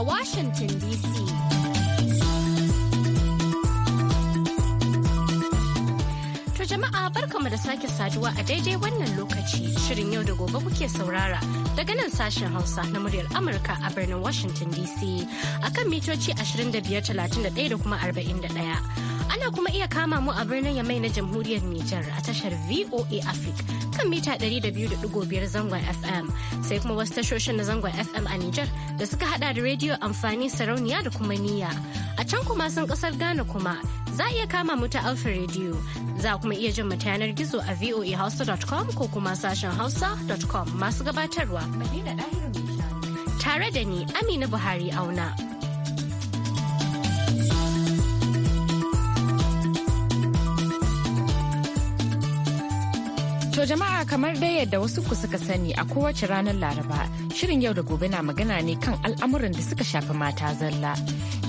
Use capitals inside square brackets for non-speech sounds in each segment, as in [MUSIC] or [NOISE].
a Washington DC. To jama'a barkamu da sake saduwa a daidai wannan lokaci shirin yau da gobe kuke saurara daga nan sashen Hausa na muryar Amurka a birnin Washington DC kan mitoci 2531 da kuma 41. Ana kuma iya kama mu a birnin Yamai na Jamhuriyar Nijar a tashar VOA Africa kan mita 200.5 zangon FM sai kuma wasu tashoshin na zangon FM a Nijar da suka hada da rediyo amfani sarauniya da kuma niyya. A can kuma sun kasar Ghana kuma za a iya kama mu ta Alfa rediyo za kuma iya jin mata yanar gizo a voahausa.com ko kuma sashen hausa.com masu gabatarwa. Tare da ni Amina Buhari auna. To jama'a kamar dai yadda wasu ku suka sani a kowace ranar Laraba, shirin yau da gobe na magana ne kan al'amuran da suka shafi mata zalla.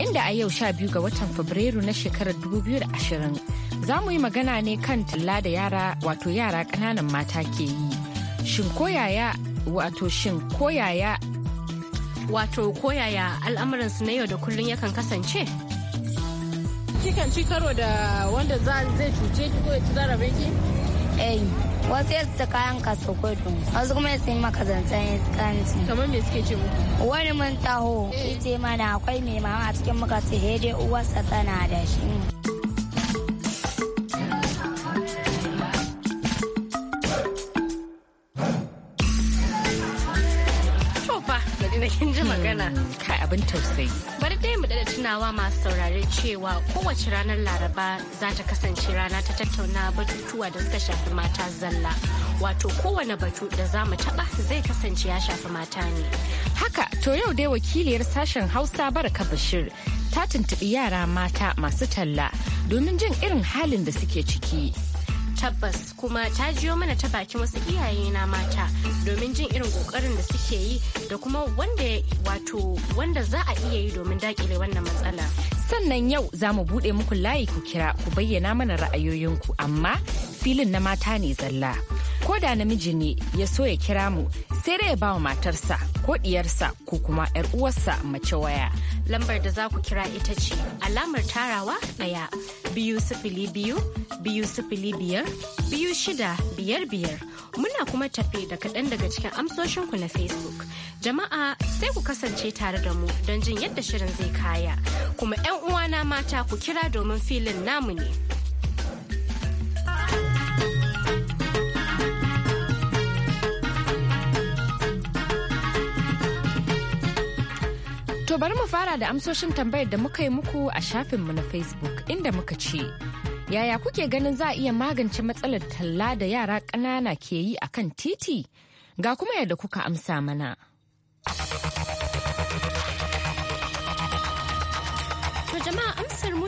Inda a yau sha biyu ga watan Fabrairu na shekarar dubu biyu da ashirin, za mu yi magana ne kan talla da yara wato yara ƙananan mata ke yi. Shin koyaya wato shin koyaya wato koyaya al'amuransu na yau da kullum yakan kasance? Kikan ci karo da wanda zai cuce ki ko ya ci zarabe ki? Eh. wasu ya ta kayan ka sokoto wasu kuma ya maka zancen iskanci kamar me suke ce muku wani mun taho eh. ce mana akwai mai mama a cikin muka ce hede uwarsa tana da shi magana. Kai abin tausayi. Bari dai mu da tunawa masu saurare cewa kowace ranar Laraba za ta kasance rana ta tattauna batutuwa da suka shafi mata zalla. Wato kowane batu da za mu taɓa zai kasance ya shafi mata ne. Haka to yau dai wakiliyar sashen Hausa Baraka Bashir ta tuntubi yara mata masu talla domin jin irin halin da suke ciki. tabbas kuma ta jiyo mana ta bakin wasu iyaye na mata domin jin irin kokarin da suke yi da kuma wanda wato wanda za a iya yi domin dakile wannan matsala sannan yau za mu buɗe muku layi ku kira ku bayyana mana ra'ayoyinku amma filin na mata ne zalla ko da namiji ne ya so ya kira mu sai dai ya ba wa matarsa ko diyarsa ko kuma yar uwarsa mace waya lambar da za ku kira ita ce alamar tarawa ɗaya biyu sifili biyu biyu sifili biyar biyu shida biyar biyar muna kuma tafe da kaɗan daga cikin amsoshinku na facebook jama'a sai ku kasance tare da mu don jin yadda shirin zai kaya kuma 'yan uwana mata ku kira domin filin namu ne. bari mu fara da amsoshin tambayar da muka yi muku a shafinmu na Facebook inda muka ce, Yaya kuke ganin za a iya magance matsalar talla da yara ƙanana ke yi a kan titi? Ga kuma yadda kuka amsa mana.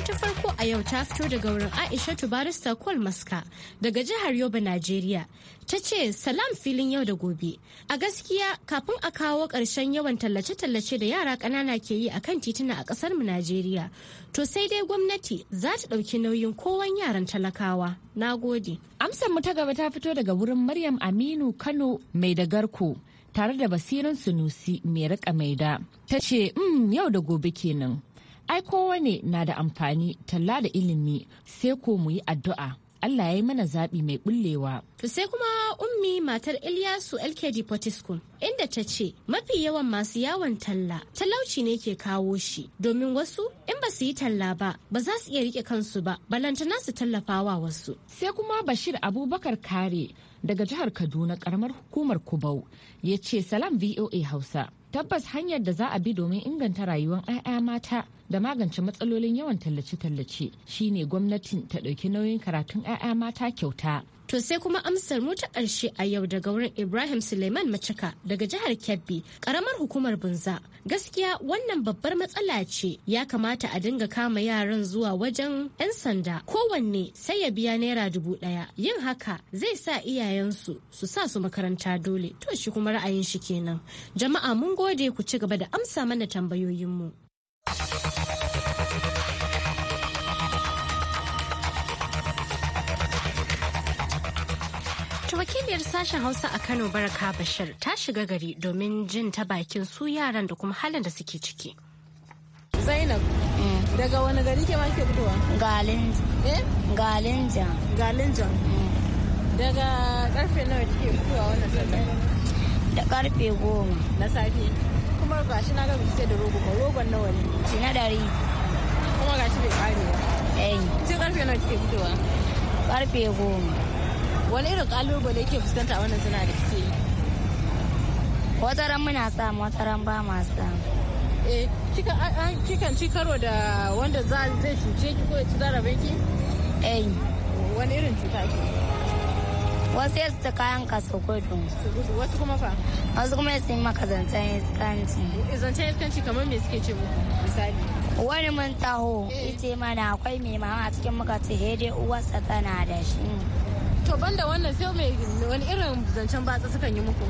ta farko a yau ta fito daga wurin Aishatu Barista Kwal Maska daga jihar Yobe, Najeriya. Ta ce salam filin yau da gobe. A gaskiya kafin a kawo ƙarshen yawan tallace-tallace da yara ƙanana ke yi a kan tituna a ƙasar mu Najeriya. To sai dai gwamnati za ta ɗauki nauyin kowan yaran talakawa. Na gode. Amsar mu ta gaba ta fito daga wurin Maryam Aminu Kano mai da garko. tare da basirin sunusi mai rika maida ta ce mm, yau da gobe kenan ai ne na da amfani talla da ilimi sai ko mu yi addu'a Allah ya yi mana zaɓi mai bullewa. To sai kuma ummi matar Ilyasu LKD Potiskun inda ta ce mafi yawan masu yawon talla talauci ne ke kawo shi domin wasu in ba su yi talla ba ba za su iya rike kansu ba balantana su tallafawa wasu. Sai kuma Bashir Abubakar Kare daga jihar Kaduna karamar hukumar Kubau ya ce salam VOA Hausa. Tabbas hanyar da za a bi domin inganta rayuwar 'ya'ya mata da magance matsalolin yawan tallace-tallace shine gwamnatin ta ɗauki nauyin karatun 'ya'ya mata kyauta. To sai kuma amsar mu ta ƙarshe a yau daga wurin Ibrahim Suleiman Macika daga jihar Kebbi, ƙaramar hukumar Bunza. Gaskiya wannan babbar matsala ce ya kamata a dinga kama yaran zuwa wajen 'yan sanda kowanne sai ya biya naira dubu ɗaya. Yin haka zai sa iyayensu su sa su makaranta dole. To shi kuma ra'ayin shi kenan. Jama'a mun gode ku ci gaba da amsa mana tambayoyinmu. Wato wakiliyar sashen Hausa a Kano Baraka Bashir ta shiga gari domin jin ta bakin su yaran da kuma halin da suke ciki. Zainab, eh. daga wani gari ke ke fitowa? Galinja. Eh? Galinja. Galinja. Eh. Daga karfe nawa kike fitowa wannan sallar? Da karfe goma. Na safe. Kuma shi na gaba sai da rogo ba rogon nawa ne? Ci na dari. Kuma shi bai kare ba. Eh. Cin karfe nawa kike fitowa? Karfe goma. wani irin kalubale ke fuskanta wannan suna da kike yi wata ran muna samu wata ran ba ma samu eh kikan ci karo da wanda za zai cuce ki ko ci zarabe ki eh wani irin cuta ke wasu yasu ta kayan ka su gudu wasu kuma fa wasu kuma yasu yi maka zancen iskanci eh, zancen iskanci kamar me suke ce muku misali wani mun taho ita eh. mana akwai mai mama a cikin muka ce hede uwarsa tana da shi to banda wannan sai mai wani irin zancen batsa sukan yi muku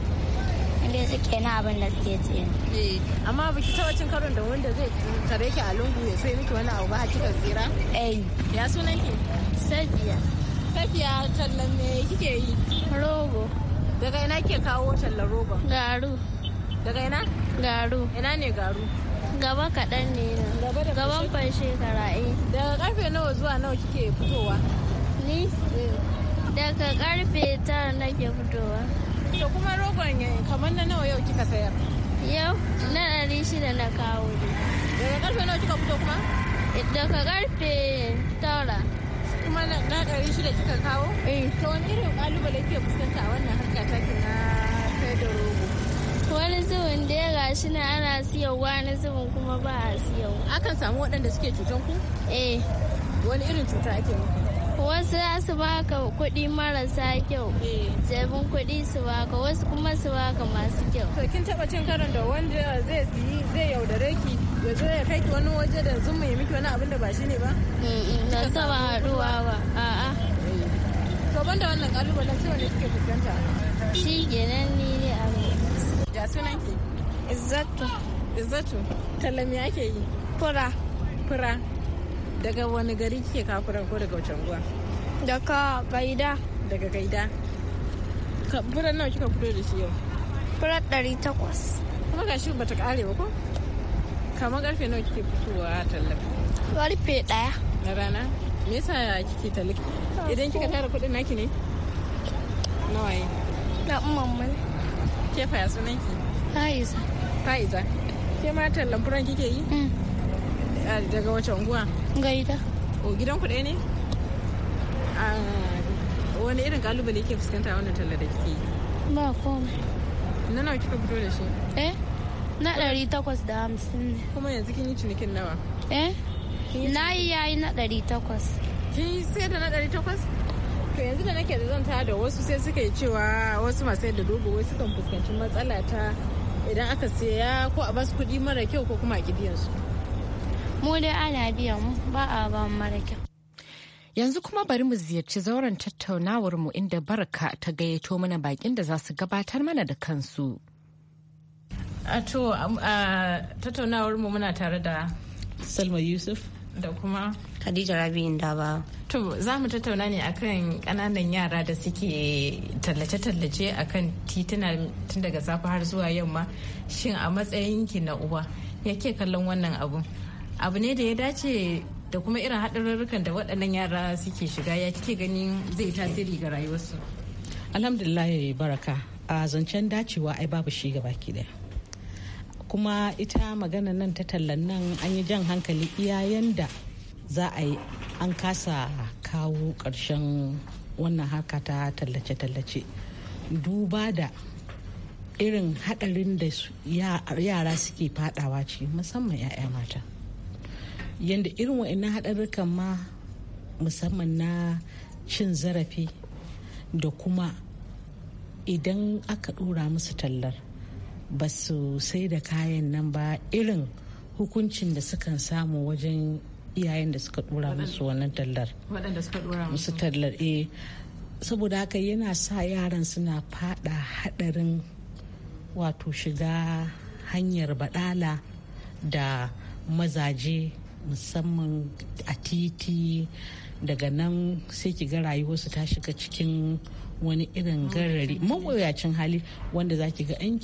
inda suke na abin da suke ce eh, amma biki taɓa cin karon da wanda zai tare ki a lungu ya sai miki wani abu ba kika tsira eh ya sunan ki safiya safiya tallan me kike yi rogo daga ina ke kawo tallan rogo garu daga ina garu ina ne garu gaba kaɗan ne gaban fan shekara eh daga karfe nawa zuwa nawa kike fitowa ni eh. Daga karfe tara nake fitowa. Iya kuma rogon kamar na nawa yau kika sayar? Yau na ɗari shida na kawo ne. Daga karfe nawa kika fito kuma? Daga karfe tara. Kuma na ɗari shida kika kawo? Eh. To wani irin ƙalubale ke fuskanta a wannan harka ta na kai da rogo? Wani zubin da ya gashi na ana siyarwa wani zubin kuma ba a siyarwa. Akan samu waɗanda suke cutan ku? Eh. Wani irin cuta ake muku? wasu za su baka kuɗi marasa kyau zaɓin eh. kuɗi su baka wasu kuma su baka masu kyau to kin taɓa cin karon da wanda zai siyi zai yaudare ki ya zo ya kai ki wani waje da zuma ya miki wani abin da ba shi ne ba ba saba haɗuwa ba a'a to da wannan kalubalen sai wanda kike fuskanta shi gidan ni ne a ya sunan ki izzatu izzatu talami ake yi fura fura Daga wani gari kike kafuran ko daga wacan gwa Daga gaida. Daga gaida. Furan nawa kika fito da shi yau? Furan ɗari takwas. Kuma ga shi ba ta kare ba ko? Kamar ƙarfe nawa kike fitowa tallafi? karfe ɗaya. Na rana? Me yasa kike tallafi? Idan kika tara kuɗin naki ne? Nawa yi? Na umman mu. Ke faya ya sunan ki? Fa'iza. Fa'iza. Ke ma tallan furan kike yi? Mm. Eh, daga wace unguwa gaida o gidan kuɗe ne ah, wani irin kalubale ke fuskanta a wannan talla da kike ba komai na nawa kika fito da shi eh na ɗari takwas da hamsin ne kuma yanzu kin yi cinikin nawa eh na yi yayi na ɗari takwas kin sai da na ɗari takwas to yanzu da nake da zanta da wasu sai suka yi cewa wasu masu yadda dogo wai sukan fuskanci matsala ta idan aka siya ko a basu kuɗi mara kyau ko kuma a kidiyansu mu dai ana biyan ba a ba mara yanzu kuma bari mu ziyarci zauren tattaunawar inda barka ta gayyato mana bakin da za su gabatar mana da kansu a to tattaunawar mu muna tare da salma yusuf da kuma khadija rabi'in ba. to za mu tattauna ne akan kananan yara da suke tallace-tallace akan tituna tun daga safe har zuwa yamma shin a matsayin ki na uwa yake kallon wannan abu. abu ne da ya dace da kuma irin haɗarurrukan da waɗannan yara suke shiga ya kike ganin zai tasiri ga rayuwarsu alhamdulillah baraka a zancen dacewa ai babu shi ga baki ɗaya. kuma ita magana nan ta tallan nan an yi jan hankali iyayen da za a yi an kasa kawo ƙarshen wannan haka ta tallace-tallace duba da irin haɗarin da yara suke faɗawa ce musamman 'ya'ya mata yadda irin wa'annan haɗarurrukan ma musamman na cin zarafi da kuma idan aka ɗora musu tallar ba su sai da kayan nan ba irin hukuncin da sukan samu wajen iyayen da suka ɗora musu wannan tallar suka musu tallar eh saboda haka yana sa yaran suna fada haɗarin wato shiga hanyar baɗala da mazaje musamman a titi daga nan sai ki ga rayuwarsu ta shiga cikin wani irin garari mawuyacin hali wanda za ki ga in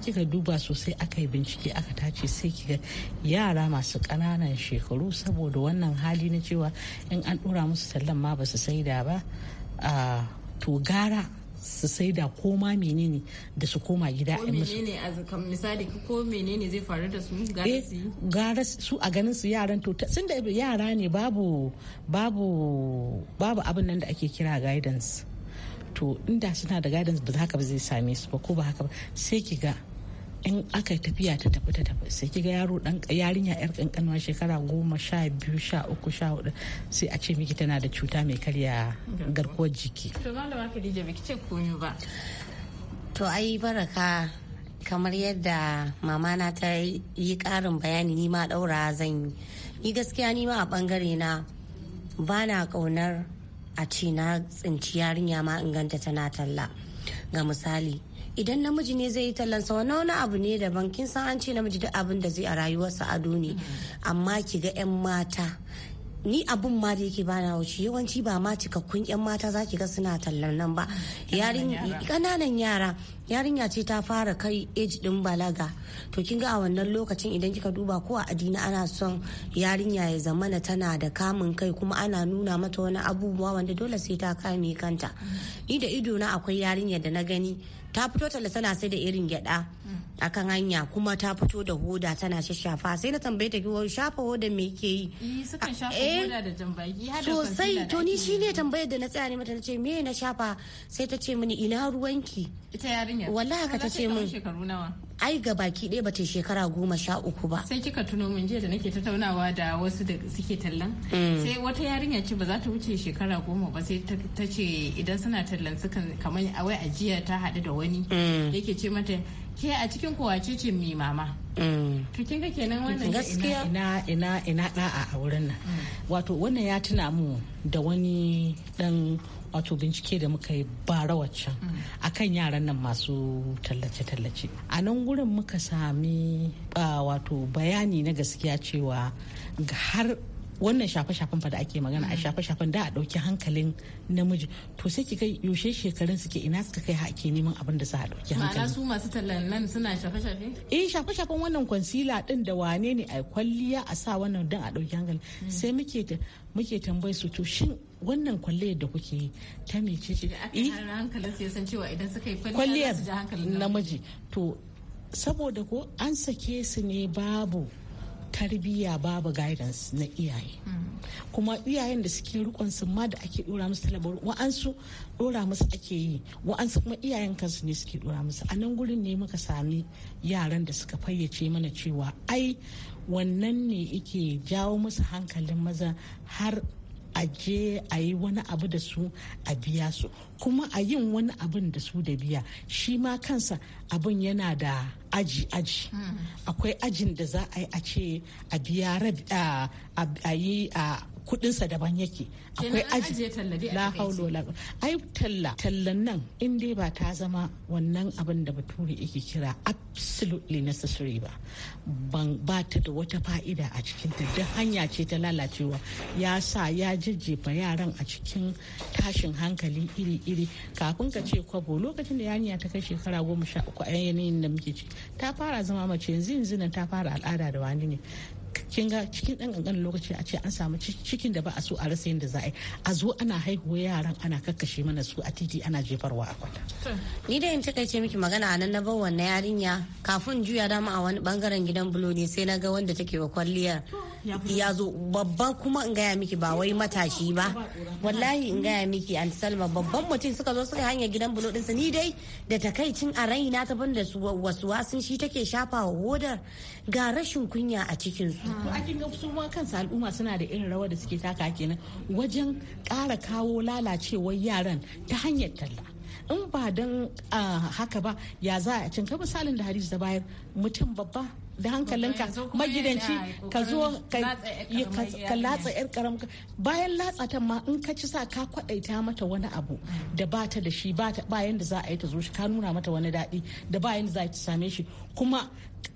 kika duba sosai aka yi bincike aka tace sai ki ga yara masu ƙananan shekaru saboda wannan hali na cewa in an ɗora musu tallan ma ba su saida ba ah, to gara su saida ko ma menene da su koma gida a musu misali ko menene zai faru da su gara eh, su a ganin su yaran to sun da yara ne babu babu babu abin nan da ake kira guidance to inda suna da guidance ba haka ba zai same su ba ko ba haka ba sai ki ga in aka tafiya ta tafi ta tafi sai kiga yaro dan yarinya yar kankanuwa shekara goma sha biyu sha uku sha hudu sai a ce miki tana da cuta mai karya garkuwar jiki to malama Khadija biki ce komai ba to ai baraka kamar yadda mamana ta yi karin bayani ni ma daura zan yi ni gaskiya ni ma a bangare na ba na kaunar a ce na tsinci yarinya ma inganta tana talla ga misali idan namiji ne zai yi tallansa wani wani abu ne daban kin san an ce namiji duk abin da zai a rayuwarsa ado ne amma ki ga 'yan mata ni abun ma da yake bana wuce yawanci ba ma cikakkun yan mata za ki ga suna tallar nan ba kananan yara yarinya ce ta fara kai age din balaga to kin ga a wannan lokacin idan kika duba ko a adina ana son yarinya ya zamana tana da kamun kai kuma ana nuna mata wani abubuwa wanda dole sai ta kame kanta ni da ido na akwai yarinya da na gani ta fito talla tana sai da irin gyada akan hanya kuma ta fito da hoda tana shashafa sai na tambaye ta kiwo shafa hoda me yake yi sosai to ni ne tambayar da na tsaya ne mata nace me na shafa sai ta ce mini ina ruwanki ita yarinya wallahi ka ta ce min shekaru nawa ai ga baki ɗaya bata shekara goma sha uku ba. Sai kika tuno min jiya da nake tattaunawa da wasu da suke tallan. Mm. Sai wata yarinya ce ba za ta wuce shekara goma ba sai ta ce idan suna tallan sukan kamar a wai ajiya ta haɗu da wani. Mm. Yake ce mata ke a cikin kowa ce ce mama mm. to kin ga kenan wannan gaskiya ina ina ina da'a a wurin nan mm. wato wannan ya tuna mu da wani dan wato bincike da muka yi bara waccan mm. akan yaran nan masu tallace-tallace a nan gurin muka sami ah, wato bayani na gaskiya cewa har wannan shafe-shafen fa da ake magana a mm. shafe-shafen da a ɗauki hankalin namiji to sai ki kai yaushe shekarun suke ina suka kai ake neman abin da za a ɗauki hankalin ma'ana su masu tallan nan suna shafe-shafe eh shafe-shafen wannan concealer din da wane ne a kwalliya a sa wannan dan a ɗauki hankali mm. sai muke muke tambayar su to shin wannan kwalliyar da kuke yi ta mece ce eh hankalin sai san cewa idan suka yi kwalliyar namiji to saboda ko an sake su ne babu tarbiyya babu guidance na iyaye kuma iyayen da suke rikon su ma da ake dora musu talabar wa'ansu dora musu ake yi wa'ansu kuma iyayen kansu ne suke dora musu a nan gurin ne muka sami yaran da suka fayyace mana cewa ai wannan ne ike jawo musu hankalin maza har a je a yi wani abu da su a biya su kuma a yin wani abin da su da biya shi ma kansa abin yana da aji aji hmm. akwai ajin da za a yi a ce a biya a yi a kudinsa daban yake akwai aji la haulo la ai talla tallan nan in dai ba ta zama wannan abin da bature yake kira absolutely necessary ba ban ba ta da wata fa'ida a cikin ta duk hanya ce ta lalacewa ya sa ya jijjefa yaran a cikin tashin hankali iri-iri kafin ka ce kwabo lokacin da yaniya ta kai shekara goma sha uku a yanayin da muke ci ta fara zama mace yanzu yanzu ta fara al'ada da wani ne kin ga cikin dan kankanin lokaci a ce an samu cikin da ba a so a rasa yadda za a yi a zo ana haihuwa yaran ana kakkashe mana su a titi ana jefarwa a kwata. ni da in takaice miki magana a nan na bar wannan yarinya kafin juya dama a wani bangaren gidan bulo ne sai na ga wanda take wa kwalliyar ya zo babba kuma in gaya miki ba wai matashi ba wallahi in gaya miki an salma babban mutum suka zo suka hanya gidan bulo ɗinsa ni dai da takaicin a raina ta banda wasu wasun shi take shafa wa hodar ga rashin kunya a cikinsu to akin ga su ma kansu al'umma suna da irin rawa da suke taka kenan wajen ƙara kawo lalacewar yaran ta hanyar talla in ba don haka ba ya za a cinka misalin da hadis da bayar mutum babba da hankalinka magidanci ka zo ka latsa yar karam bayan latsa ta ma in ka ci sa ka kwadaita mata wani abu da ba ta da shi bayan da za a yi ta zo shi ka nuna mata wani daɗi da bayan da za ta same shi kuma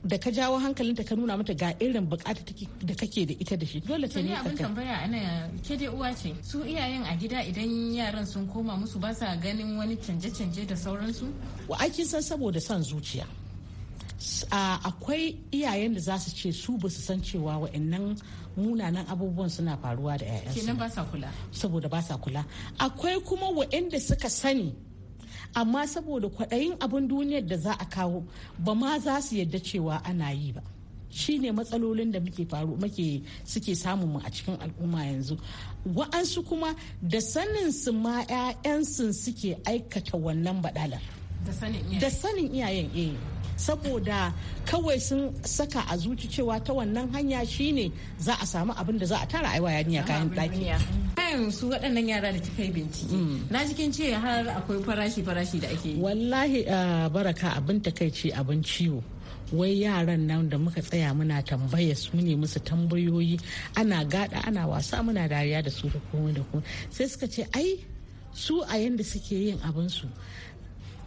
da ka jawo hankalinta ka nuna mata ga irin bukata da kake da ita da shi dole ta ne ka abin tambaya ana ke dai uwa ce su iyayen a gida idan yaran sun koma musu ba sa ganin wani canje-canje da sauransu wa aikin san saboda son zuciya akwai iyayen da za su ce su ba su san cewa wa'annan munanan abubuwan suna faruwa da 'ya'yansu kenan ba sa kula saboda ba sa kula akwai kuma wa'anda suka sani amma saboda kwaɗayin abin duniyar da za a kawo ba ma za su yadda cewa ana yi ba shi ne matsalolin da muke faru muke suke samun mu a cikin al'umma yanzu wa'ansu kuma da sanin su ma 'ya'yansu suke aikata wannan badalar da sanin iyayen eh saboda kawai sun saka a zuci cewa ta wannan hanya shine za a samu abin da za a tara aiwa yarinya kayan daki kayan su waɗannan yara da kika yi bincike hmm. na cikin ce har akwai farashi farashi da ake wallahi ah, baraka abin takaici abin ciwo wai yaran nan da muka tsaya muna tambaya su ne musu tambayoyi ana gada ana wasa muna dariya da su da komai da komai sai suka ce ai su a yanda suke yin abin su.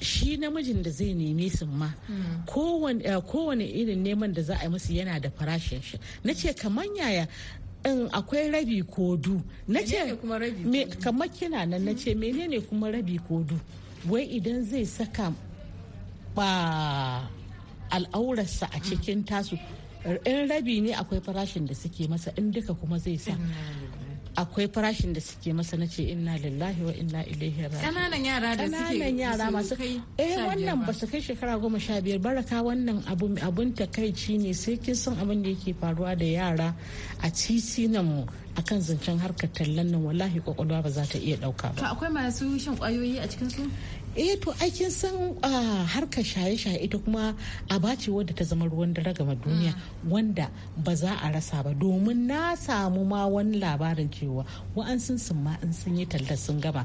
shi namijin da zai neme su ma eh, kowane irin neman da za a yi musu yana da farashin shi na ce kamar yaya in akwai rabi ko na ce kamar kina nan na ce menene kuma rabi kodu wai idan zai saka ba al'aurarsa a cikin tasu in rabi ne akwai farashin da suke masa in duka kuma zai sa akwai farashin da suke masa na ce inna lillahi wa inna ilaihi raji'un kananan yara da suke kananan yara masu eh wannan ba su kai shekara goma sha biyar baraka wannan abu abun takaici ne sai kin san abin da yake faruwa da yara a titinan mu akan zancen harkar tallan nan wallahi kwakwalwa ba za ta iya dauka ba. akwai masu shan kwayoyi a cikin su? eh to aikin san harkar shaye-shaye ita kuma aba ce wadda ta zama ruwan dare gama duniya mm. wanda ba za a rasa ba domin na samu ma wani labarin cewa wa'ansu sun ma in sun yi tallar sun gaba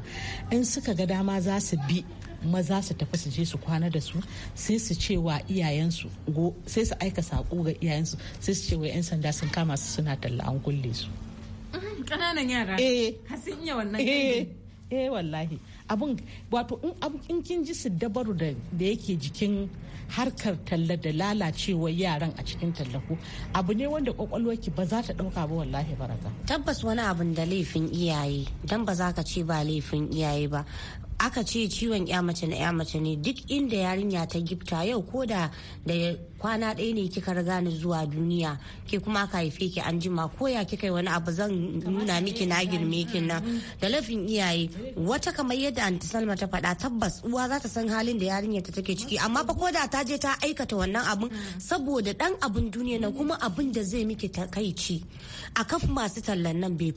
in suka ga dama za su bi maza su tafi su je su kwana da su sai su ce wa iyayensu sai su aika saƙo ga iyayensu sai su ce wa 'yan sanda sun kama su suna talla an kulle su. kananan yara eh sun wannan eh eh wallahi abun wato in kin ji su dabaru da yake jikin harkar talla da lalacewar yaran a cikin tallaku abu ne wanda ki ba za ta dauka ba wallahi baraka tabbas wani abun da laifin iyaye dan ba za ka ce ba laifin iyaye ba aka ce ciwon ya mace na ya mace ne duk inda yarinya ta gifta yau ko da da kwana ɗaya ne kika riga ni zuwa duniya ke kuma aka haife ki an jima ko ya kika yi wani abu zan nuna miki na girme ki nan mm-hmm. da lafin iyaye wata kamar yadda anti salma ta faɗa tabbas uwa za ta san halin da yarinya ta take ciki amma fa ko da ta je ta aikata wannan abun mm-hmm. saboda dan abun duniya nan kuma abun da zai miki takaici a kafin masu tallan nan bai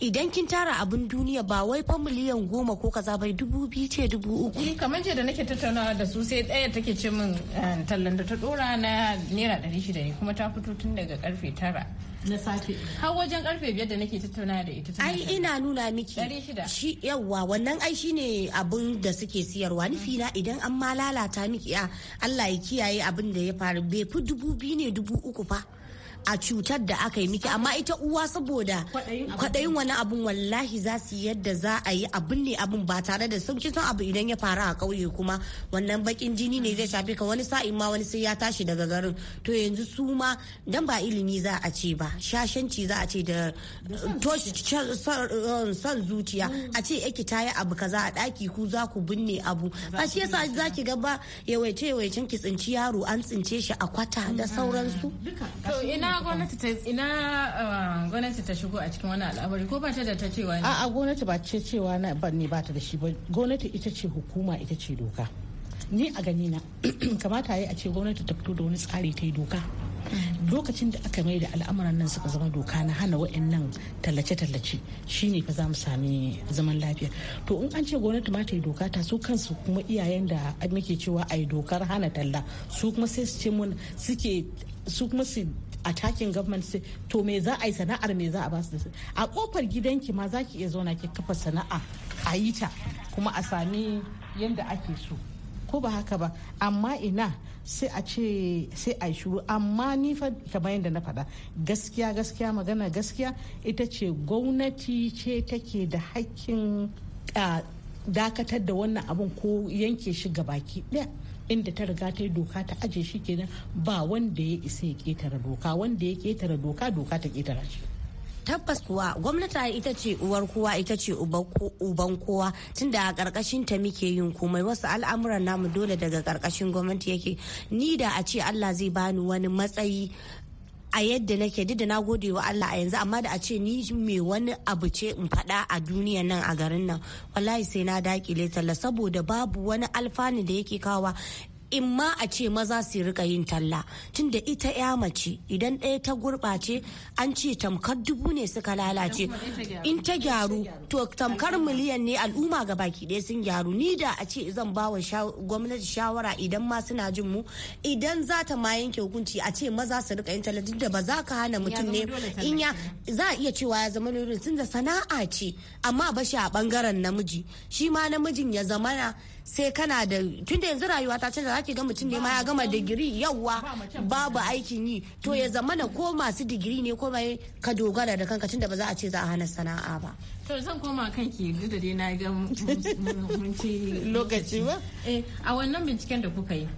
idan kin tara abun duniya ba wai fa miliyan goma ko kaza bai dubu dubu biyu ce dubu uku. Eh, kamar ce da nake tattaunawa da su sai ɗaya take ce min eh, tallan da ta ɗora na naira ɗari shida ne kuma ta fito tun daga karfe tara. na safe har wajen karfe biyar da nake tattaunawa da ita ai ina nuna miki shi yawwa wannan ai shine abun da suke siyarwa nufi na idan an ma lalata miki a Allah ya kiyaye abin da ya faru bai fi dubu biyu ne dubu uku fa a cutar da aka yi miki amma ita uwa saboda kwaɗayin wani abun wallahi za su yadda za a yi abun ne abun ba tare da sauki son abu idan ya faru a ƙauye kuma wannan bakin jini ne zai shafi ka wani sa'in ma wani sai ya tashi daga garin to yanzu su ma dan ba ilimi za a ce ba shashanci za a ce da um, son zuciya mm. a ce yake ta yi abu kaza a ɗaki ku za ku binne abu ba shi yasa za ki ga ba yawaice yawaicen ki tsinci yaro an tsince shi a kwata da mm. sauransu. ina ina gwamnati ta ina um, gwamnati ta shigo a cikin wani al'amari ko ba ta da ta cewa ne a'a gwamnati ba ce cewa na ban ne ba ta da shi ba gwamnati ita ce hukuma ita ce doka ni a gani na [CLEARS THROAT] kamata yi a ce gwamnati ta fito da wani tsari ta yi doka lokacin da aka mai da al'amuran nan suka zama doka na hana wa'annan tallace-tallace shine fa za mu sami zaman lafiya to in an ce gwamnati ma ta yi doka ta su kansu kuma iyayen da muke cewa a yi dokar hana talla su kuma sai su ce mun suke su kuma su attacking government sai to me za a yi sana'ar me za a ba su da a kofar gidanki ma za ki iya zauna ki kafa sana'a a yi ta kuma a sami yadda ake so ko ba haka ba amma ina sai a ce sai a shuru amma ni fa kamar yadda na faɗa gaskiya gaskiya magana gaskiya ita ce gwamnati ce take da hakkin dakatar da wannan abun ko yanke shi gabaki ɗaya inda ta riga ta yi doka ta aje shi kenan ba wanda ya isa ya ketare doka wanda ya ketare doka doka ta ketara shi tabbas kuwa gwamnati ita ce uwar kowa ita ce uban kowa tunda a karkashin ta muke yin komai wasu al'amuran namu dole daga karkashin gwamnati yake ni da a ce Allah zai bani wani matsayi a yadda nake duk da na gode wa Allah a yanzu amma da a ce ni me wani abu ce in faɗa a duniyan nan a garin nan wallahi sai na dakile talla saboda babu wani alfanu da yake kawa in ma a ce maza su rika yin talla tunda ita ya mace idan ɗaya ta gurɓace an ce tamkar dubu ne suka lalace in ta gyaru to tamkar miliyan ne al'umma ga baki ɗaya sun gyaru ni da a ce zan ba wa gwamnati shawara idan ma suna jin mu idan za ta ma yanke hukunci a ce maza su rika yin talla da ba za ka hana mutum ne in ya za a iya cewa ya zama dole tunda sana'a ce amma ba shi a bangaren namiji shi ma namijin ya zamana sai kana da tun da yanzu rayuwa ta canza zaki ga mutum ne ma ya gama digiri yauwa babu aikin yi to ya zama na ko masu digiri ne ko mai ka dogara da kanka tun da ba za a ce za a hana sana'a ba to zan koma kanki duk da dai na ga mun [LAUGHS] lokaci ba eh a wannan binciken da kuka yi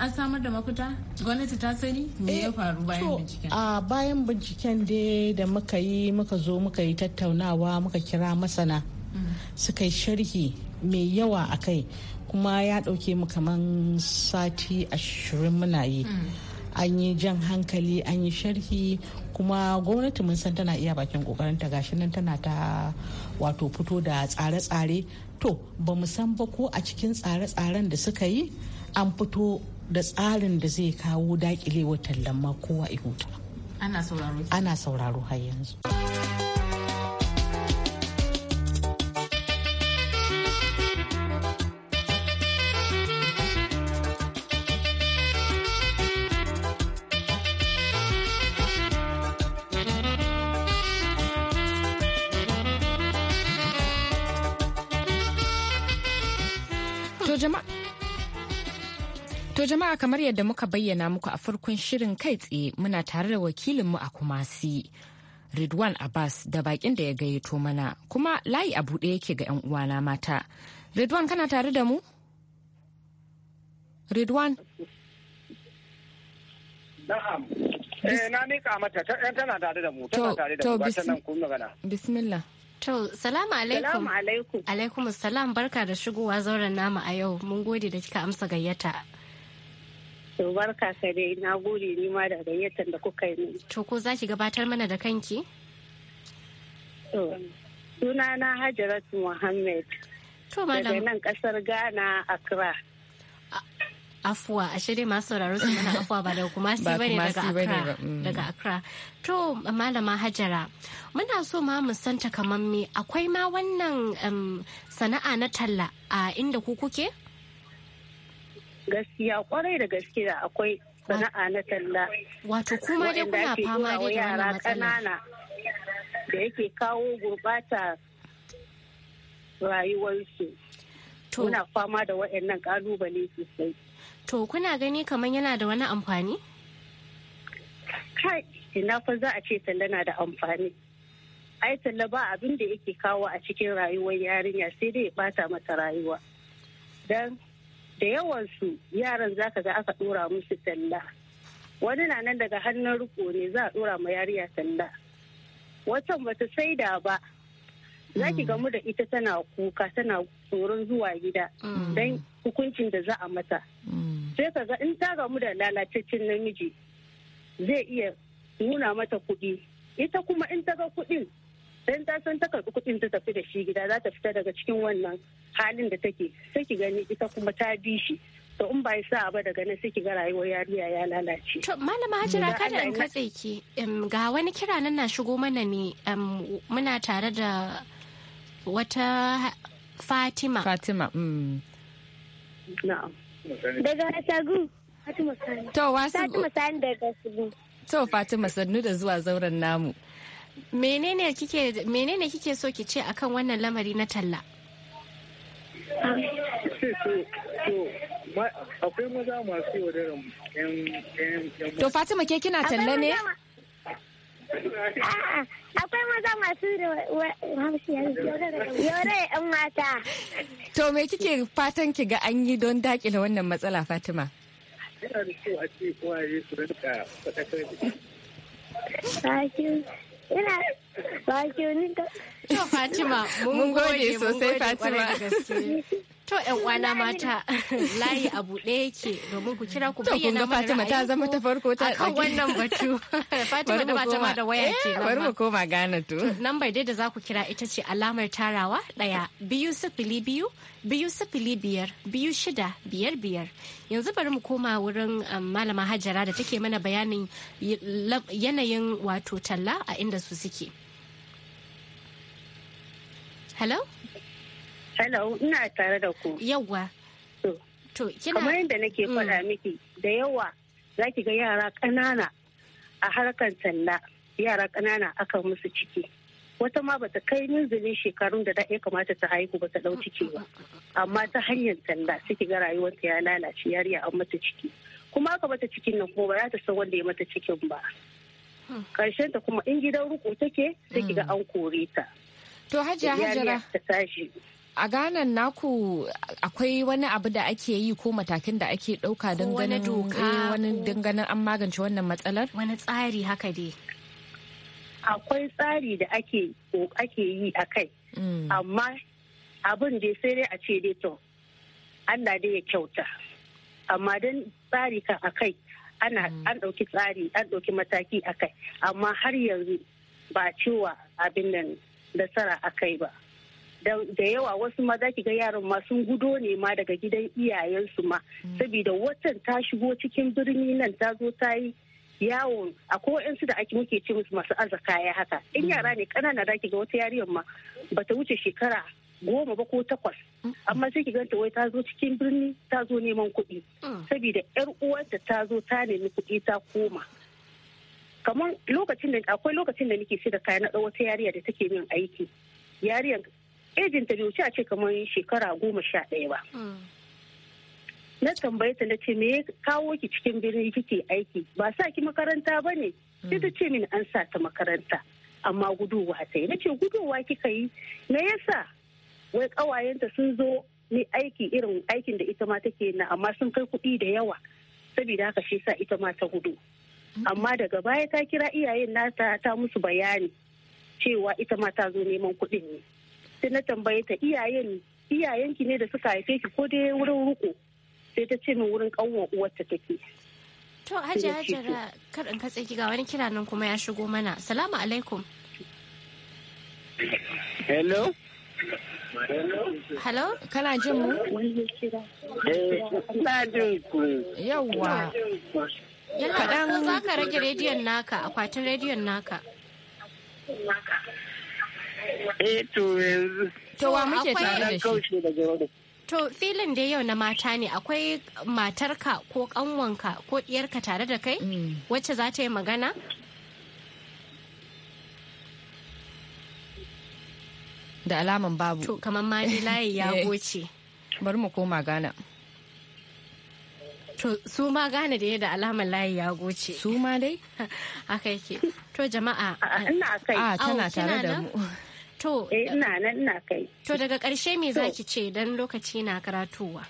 an samar da mafita gwamnati ta sani me ya eh, faru bayan binciken a bayan binciken dai da muka yi muka zo muka yi tattaunawa muka kira masana mm. suka yi sharhi mai yawa a kai kuma ya ɗauke mu kaman sati ashirin muna yi an yi jan hankali an yi sharhi kuma gwamnati mun san tana iya bakin ƙoƙarinta gashi nan tana ta wato fito da tsare-tsare to ba mu san ba ko a cikin tsare-tsaren da suka yi an fito da tsarin da zai kawo dakilewar tallan ma kowa ihuta ana sauraro har yanzu. jama'a kamar yadda muka bayyana muku a farkon shirin kai tsaye muna tare da wakilinmu a Kumasi. Ridwan Abbas da bakin da ya gayyato mana kuma layi a buɗe yake ga 'yan uwana mata. Ridwan kana tare da mu? Ridwan? To, salamu alaikum. Salamu alaikum. Alaikum salam barka da shigowa zauren nama a yau. Mun gode da kika amsa gayyata. To barka ka dai na gode ni ma da gayyatar da kuka yi. To ko za ki gabatar mana da kanki? To suna na hajarat Muhammad. To malam. Daga nan kasar Ghana Accra. afuwa ashe dai masu sauraro su mana afuwa ba daga kuma si bane mm. daga Accra to malama Hajara muna so ma mu san takamammi akwai ma wannan sana'a na talla a inda ku kuke gaskiya kwarai da gaske da akwai sana'a na talla wato kuma dai kuna fama da yara ƙanana da yake kawo gurbata rayuwarsu muna fama da waɗannan ƙalubale sosai to kuna gani kamar yana da wani amfani kai ina fa za a ce talla na da amfani ai talla ba abin da yake kawo a cikin rayuwar yarinya sai dai ya bata mata rayuwa don da yawansu yaran zaka ga aka dora musu talla wani na nan daga hannun riko ne za a dora ma yariya talla watan bata saida ba za ki mm. gamu da ita tana kuka tana tsoron zuwa gida mm. don hukuncin da za a mata mm. sai ka ga in ta gamu da lalataccen namiji zai iya nuna mata kuɗi ita kuma in ta ga kuɗin dan ta san ta karbi kudin ta tafi da shi gida za ta fita daga cikin wannan halin da take sai ki gani ita kuma ta bi shi to in ba sa ba daga nan sai ki ga rayuwar yariya ya lalace to malama hajira kada in katse ki ga wani kira nan na shigo mana ne muna tare da wata fatima fatima mm. daga Sagu. Fatima Sani. To, wasu... Fatima Sani daga Sugu. To, Fatima Sannu da zuwa zauren namu. menene kike menene kike so ki ce akan wannan lamari na talla akwai maza masu yaudaran to fatima ke kina talla ne akwai maza masu yaure yan mata to me kike fatan ki ga an yi don dakile wannan matsala fatima yana da kyau a ce kowa ya su rinka faɗakar ina ba ke ni da. Fatima, mun gode sosai Fatima. [LAUGHS] To ƴan uwana mata [LAUGHS] layi a buɗe yake domin ku kira ku bayyana mana Fatima ta zama ta farko ta akan wannan batu. [LAUGHS] [LAUGHS] Fatima da Fatima da waya ke nan. Eh, bari mu koma Ghana to. Lambar dai da za ku kira ita ce alamar tarawa ɗaya biyu sifili biyu biyu sifili biyar biyu shida biyar biyar. Yanzu bari mu koma wurin um, malama Hajara da take mana bayanin yanayin wato talla a inda su suke. Hello? Hello, ina tare da ku. Yawwa. To, kina kamar yadda nake mm. faɗa miki da yawa za ki ga yara ƙanana a harkar talla yara ƙanana aka musu ciki. Wata ma bata kai minzilin shekarun da ya kamata ta haihu ba ta ɗau ciki ba. Amma ta hanyar talla suke ga rayuwarta ya lalace yariya an mata ciki. Kuma aka mata cikin nan kuma ba za ta san wanda ya mata cikin ba. Hmm. Karshen ta kuma in gidan ruko take sai ki ga hmm. an kore ta. To hajiya Ta tashi. a ganan naku akwai wani abu da ake yi ko matakin da ake ɗauka don ganin eh, wani ganin an magance wannan matsalar wani tsari haka dai akwai tsari da ake ake yi a kai mm. amma abin dai sai dai a ce dai to Allah dai ya kyauta amma don tsari kan a kai ana mm. an ɗauki tsari an ɗauki mataki a kai amma har yanzu ba cewa abin nan nasara a kai ba da yawa wasu maza ki ga yaran ma sun gudo ne ma daga gidan iyayensu ma mm. saboda watan ta shigo cikin birni nan ta zo ta yi yawon a ko'insu da ake muke ce musu masu arzaka ya haka in mm. yara ne kanana zaki ga wata yariyar ma ba ta wuce shekara goma ba ko takwas mm. amma sai ki ganta wai ta zo cikin birni ta zo neman kuɗi saboda yar uwarta ta zo ta nemi kuɗi ta koma kamar lokacin da akwai lokacin da nake sai da kayan na wata yariya da take min aiki yariyan ejin ta wuce a ce kamar shekara goma sha ɗaya ba. Na tambaye ta na ce me ya kawo ki cikin birni kike aiki ba sa ki makaranta ba ne sai ta ce min an sa ta makaranta amma guduwa ta yi na ce guduwa kika yi me yasa wai ƙawayenta sun zo ni aiki irin aikin da ita ma take na amma sun kai kuɗi da yawa saboda haka shi sa ita ma ta gudu amma daga baya ta kira iyayen nata ta musu bayani cewa ita ma ta zo neman kuɗin ne sai na tambaye ta iyayen iyayenki ne da suka haife ki ko dai wurin ruko sai ta ce min wurin kanwar uwarta take to haji hajara kar in katse ki ga wani kira nan kuma ya shigo mana salamu alaikum hello Hello? Kana jin mu? eh jin ku. Yawwa. Yana kaɗan za ka rage rediyon naka, akwatin rediyon naka. Eh, to yanzu to wa muke tare da shi To filin da yau na mata ne akwai matarka ko kanwanka ko diyarka tare da kai mm. wacce za ta yi magana? Da alaman babu. To kamar ma ni layi ya [LAUGHS] eh. goce. Bari mu koma Ghana. To su ma Ghana da da alaman layi ya goce. Su ma dai? [LAUGHS] Haka yake. To jama'a. Ina kai. A tana tare da mu. To, eh, ina nan ina kai. To daga ƙarshe me zaki ce dan lokaci na karatuwa?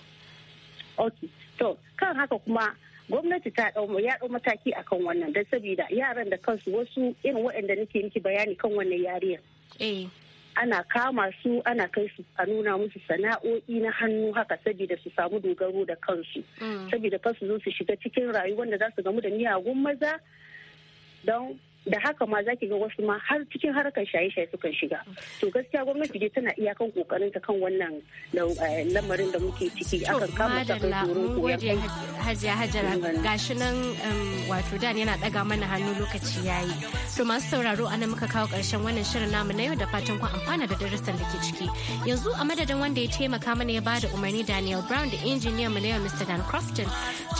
Ok, to kan haka kuma gwamnati ta ya ɗau mataki akan wannan don saboda yaran da kansu wasu irin waɗanda nake miki bayani kan wannan yariyar. Eh. Ana kama su ana kai su a nuna musu sana'o'i na hannu haka saboda su samu dogaro da kansu. Mm. Saboda kansu zo su shiga cikin rayuwar da za su gamu da miyagun maza don da haka ma zaki ga wasu ma har cikin harkar shaye-shaye sukan shiga to gaskiya gwamnati dai tana iyakan kokarin ta kan wannan eh, lamarin da muke ciki akan kama ta kai hajiya hajara gashi nan wato dan yana daga mana hannu lokaci yayi to masu sauraro anan muka kawo karshen wannan shirin namu na yau da fatan ku amfana da darasin da ke ciki yanzu a madadin wanda ya taimaka mana ya bada umarni Daniel Brown da engineer mu na yau Mr. Dan Crofton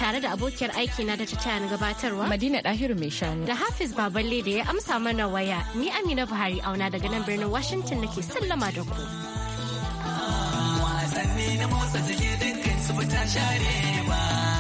tare da abokiyar aiki na da ta gabatarwa Madina Dahiru mai shanu da Hafiz Babali Baballe da ya amsa mana waya ni Amina Buhari auna daga nan birnin Washington nake sallama da ku. Wasanni na motsa jike dinkin su fita share ba.